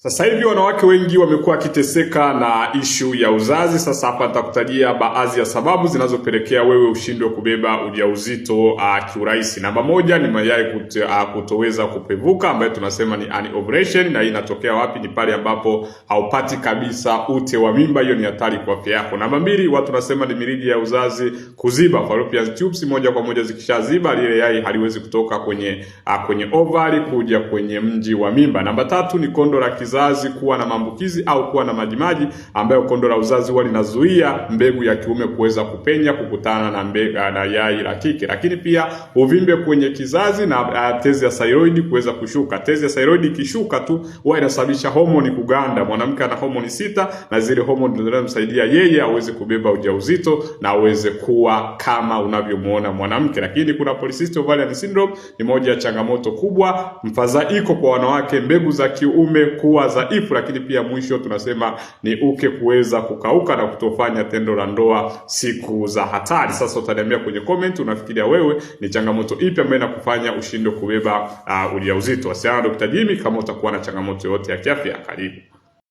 Sasa hivi wanawake wengi wamekuwa wakiteseka na ishu ya uzazi. Sasa hapa nitakutajia baadhi ya sababu zinazopelekea wewe ushindwe kubeba ujauzito uh, kiurahisi. Namba moja ni mayai kute, uh, ah, kutoweza kupevuka ambayo tunasema ni anovulation, na hii inatokea wapi? Ni pale ambapo haupati kabisa ute wa mimba, hiyo ni hatari kwa afya yako. Namba mbili, watu nasema ni mirija ya uzazi kuziba, fallopian tubes moja kwa moja zikishaziba, lile yai haliwezi kutoka kwenye uh, kwenye ovary kuja kwenye mji wa mimba. Namba tatu ni kondo la kizazi kuwa na maambukizi au kuwa na majimaji, ambayo kondo la uzazi huwa linazuia mbegu ya kiume kuweza kupenya kukutana na, mbega, eh, na yai la kike. Lakini pia uvimbe kwenye kizazi na eh, tezi ya thyroid kuweza kushuka. Tezi ya thyroid ikishuka tu huwa inasababisha homoni kuganda. Mwanamke ana homoni sita na zile homoni zinazomsaidia yeye aweze kubeba ujauzito na aweze kuwa kama unavyomuona mwanamke. Lakini kuna polycystic ovarian syndrome, ni moja ya changamoto kubwa, mfadhaiko kwa wanawake, mbegu za kiume kuwa kuwa dhaifu, lakini pia mwisho tunasema ni uke kuweza kukauka na kutofanya tendo la ndoa siku za hatari. Sasa utaniambia kwenye comment, unafikiria wewe ni changamoto ipi ambayo inakufanya ushindwe kubeba uh, ujauzito? Wasiliana na Dr. Jimmy kama utakuwa na changamoto yoyote ya kiafya. Karibu.